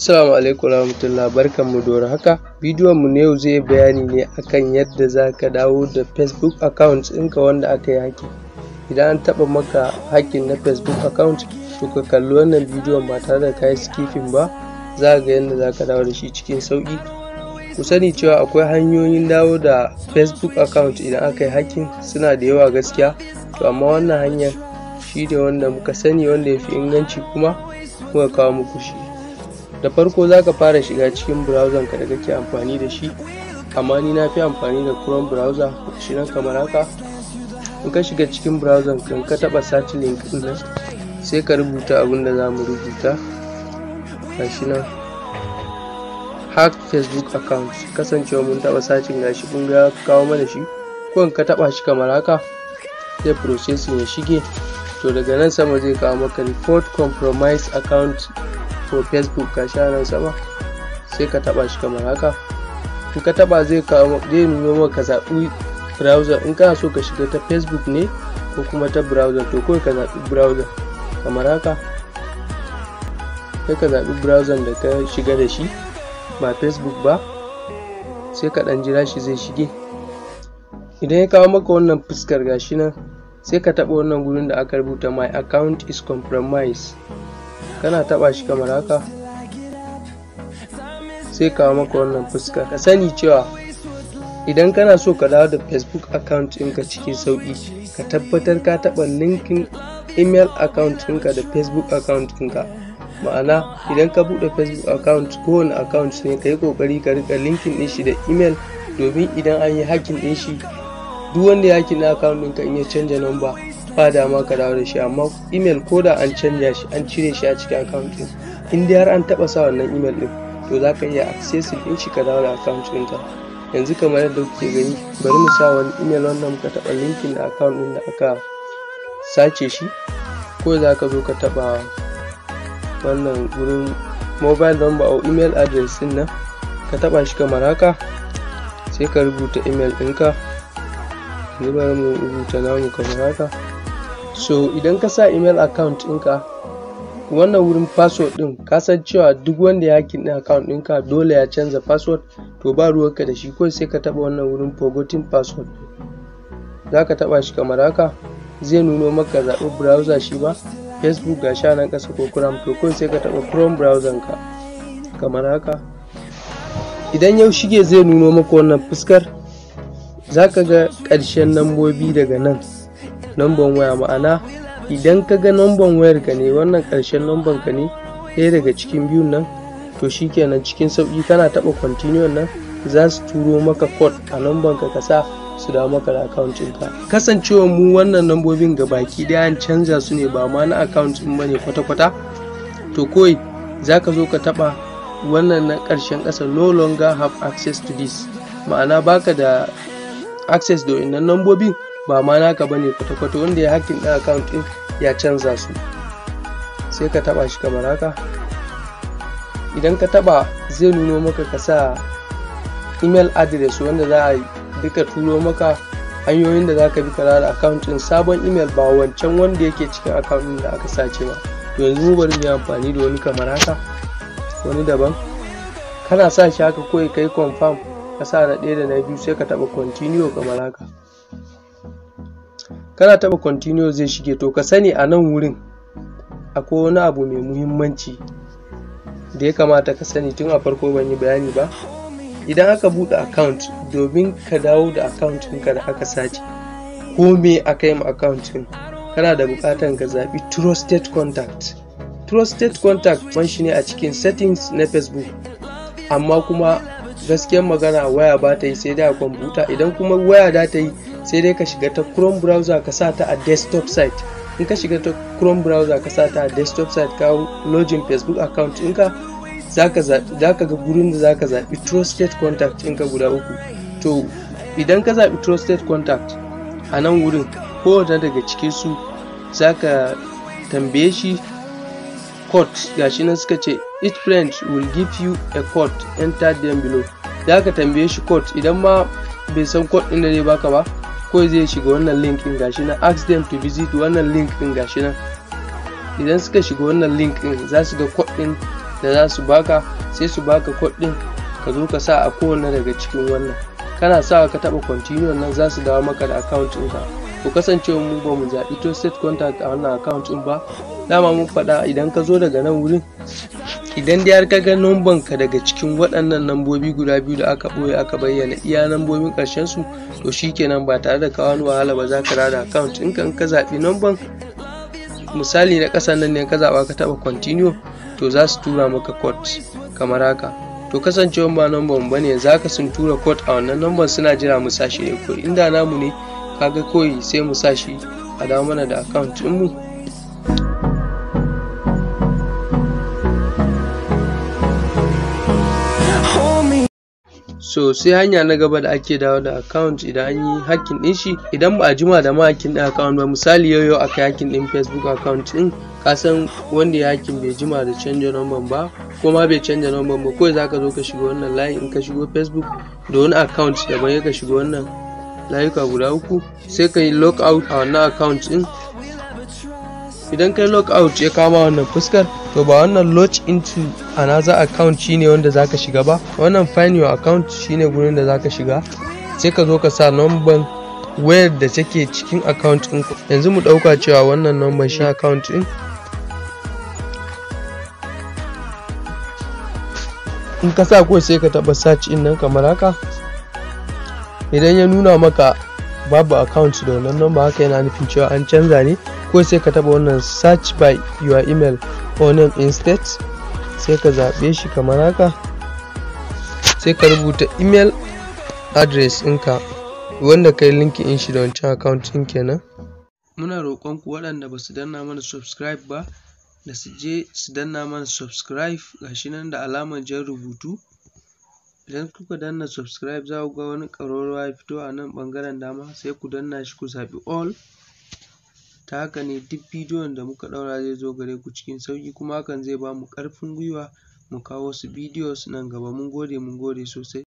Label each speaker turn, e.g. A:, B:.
A: Assalamu alaikum warahmatullahi barkanmu da haka bidiyon mu na yau zai bayani ne akan yadda zaka dawo da Facebook account ɗinka wanda aka yi haƙƙi idan an taɓa maka haƙƙin na Facebook account to ka kalli wannan bidiyon ba tare da yi skipping ba za ga yadda zaka dawo da shi cikin sauƙi ku sani cewa akwai hanyoyin dawo da Facebook account idan aka yi haƙƙin suna da yawa gaskiya to amma wannan hanyar shi ne wanda muka sani wanda ya fi inganci kuma muka kawo muku shi da farko za ka fara shiga cikin browser ka da kake amfani da shi amma ni na fi amfani da chrome browser shi nan kamar haka in ka shiga cikin browser kan ka taba search link din nan sai ka rubuta abin da za mu rubuta gashi nan hack facebook account kasancewa mun taba sacin gashi kun ga kawo mana shi ko in ka taba shi kamar haka sai processing ya shige to daga nan sama zai kawo maka report compromise account to facebook ka sha nan sama sai ka taba shi kamar haka in ka taba zai nuna maka ka zaɓi browser in kana so ka shiga ta facebook ne ko kuma ta browser to kawai ka zaɓi browser kamar haka sai ka zaɓi browser da ka shiga da shi ba facebook ba sai ka ɗan jira shi zai shige idan ya kawo maka wannan fuskar gashi nan sai ka taɓa wannan gurin da aka rubuta my account is compromised kana taba shi kamar haka sai kawo maka wannan fuska ka sani cewa idan kana so ka dawo da facebook account ɗinka cikin sauƙi ka tabbatar ka taɓa linkin email account ɗinka da facebook account ɗinka ma'ana idan ka buɗe facebook account kowane account ne ka yi ƙoƙari ka rika linkin ɗin shi da email domin idan an yi hakin ɗin shi duk wanda ya hakin na account ɗinka in ya canja number ba da dama ka dawo da shi amma email ko da an canja shi an cire shi a cikin account din in dai har an taba sa wannan email din to za ka iya access din shi ka dawo da account ka yanzu kamar yadda kuke gani bari mu sa wani email wannan muka taba linkin da account din da aka sace shi ko za ka zo ka taba wannan gurin mobile number or email address din nan ka taba shi kamar haka sai ka rubuta email ɗinka yanzu bari mu rubuta namu kamar haka so idan ka sa email account ɗinka wannan wurin password ɗin ka san cewa duk wanda ya hakin ɗin account ɗinka dole ya canza password to ba ruwanka da shi kawai sai ka taɓa wannan wurin forgotten password za ka taɓa shi kamar haka zai nuno maka zaɓi browser shi ba facebook ga sha nan ƙasa ko chrome to kawai sai ka taɓa chrome browser ka kamar haka idan yau shige zai nuno maka wannan fuskar za ka ga ƙarshen lambobi daga nan namban waya ma'ana idan ka ga namban wayar ka ne wannan ƙarshen namban ka ne ɗaya daga cikin biyun nan to shi kenan cikin sauƙi kana taɓa continue nan za su turo maka code a namban ka ka su dawo maka da account ka kasancewa mu wannan nambobin ga baki ɗaya an canza su ne ba ma na account ba bane kwata-kwata to kawai za ka zo ka taɓa wannan na ƙarshen ƙasa no longer have access to this ma'ana baka da access da wannan nambobin ba ma naka ne kwata-kwata wanda ya hakin ɗin account ɗin ya canza su sai ka taba shi kamar haka idan ka taba zai nuno maka ka sa email address wanda za a duka turo maka hanyoyin da za ka bi kara da ɗin sabon email ba wancan wanda yake cikin ɗin da aka sace ba to yanzu bari mu amfani da wani kamar haka wani daban kana sa shi haka kawai kai confirm ka sa na ɗaya da na biyu sai ka taɓa continue kamar haka kana taɓa continuous zai shige to ka sani a nan wurin akwai wani abu mai muhimmanci da ya kamata ka sani tun a farko ban yi bayani ba idan aka buɗe account domin ka dawo da account ɗinka da aka sace ko me aka yi ma account ɗin kana da buƙatar ka zaɓi trusted contact trusted contact man shi ne a cikin settings na facebook amma kuma gaskiyar magana waya ba ta yi sai dai a kwamfuta idan kuma waya da ta yi sai dai ka shiga ta chrome browser ka sa ta a desktop site in ka shiga ta chrome browser ka sa ta a desktop site ka login facebook account in ka za ka ga gurin da za ka zaɓi trusted contact in ka guda uku to idan ka zaɓi trusted contact a nan wurin kowane daga cikin su za ka tambaye shi ga gashi nan suka ce each friend will give you a code enter them below da ka tambaye shi code idan ma bai san code din da zai baka ba ko zai shiga wannan link din gashi na ask them to visit wannan link din gashi na idan suka shiga wannan link din za su ga code din da za su baka sai su baka code din ka zo ka sa a kowanne daga cikin wannan kana sa ka taba continue nan za su dawo maka da account ka. ku kasance mu ba mu zaɓi to set contact a wannan account din ba dama mun faɗa idan ka zo daga nan wurin idan dai har ka ga numban ka daga cikin waɗannan nambobi guda biyu da aka ɓoye aka bayyana iya nambobin ƙarshen su to shi shikenan ba tare da kawo wahala ba za ka rada account in ka zaɓi numban misali na ƙasan nan ne ka zaɓa ka taɓa continue to za su tura maka code kamar haka to kasancewa ba numban ba ne za ka sun tura code a wannan numban suna jira mu sashi ne ko inda namu ne kaga koyi sai mu sashi a dawo mana da account ɗinmu mu so sai hanya na gaba da ake dawo da account idan an yi hacking din shi idan ba a jima da ma hacking din account ba misali yau yau aka hacking din facebook account din ka san wanda ya hacking bai jima da canja number ba kuma bai canja number ba kawai zaka zo ka shiga wannan layi in ka shigo facebook da wani account daban ya ka shiga wannan layuka guda uku sai ka yi log out a wannan account din idan kai log out ya kama wannan fuskar to ba wannan lock into another account shine wanda zaka shiga ba wannan find your account shine gurin da zaka shiga sai ka zo ka sa number wayar da take cikin account din ku yanzu mu ɗauka cewa wannan number shi account din in ka sa ko sai ka taɓa search ɗin nan kamar haka idan ya nuna maka babu account da wannan number haka yana nufin cewa an canza ne ko sai ka taba wannan search by your email or name instead sai ka zaɓe shi kamar haka sai ka rubuta email address ɗinka wanda kai linki in shi da wancan account ɗin kenan muna roƙon ku waɗanda ba su danna mana subscribe ba da su je su danna mana subscribe gashi nan da alamar jan rubutu idan kuka danna subscribe za ku ga wani ƙararrawa ya fito a nan ɓangaren dama sai ku danna shi ku zaɓi all ta haka ne duk bidiyon da muka ɗaura zai zo gare ku cikin sauƙi kuma hakan zai ba mu ƙarfin gwiwa mu kawo wasu bidiyos nan gaba mun gode mun gode sosai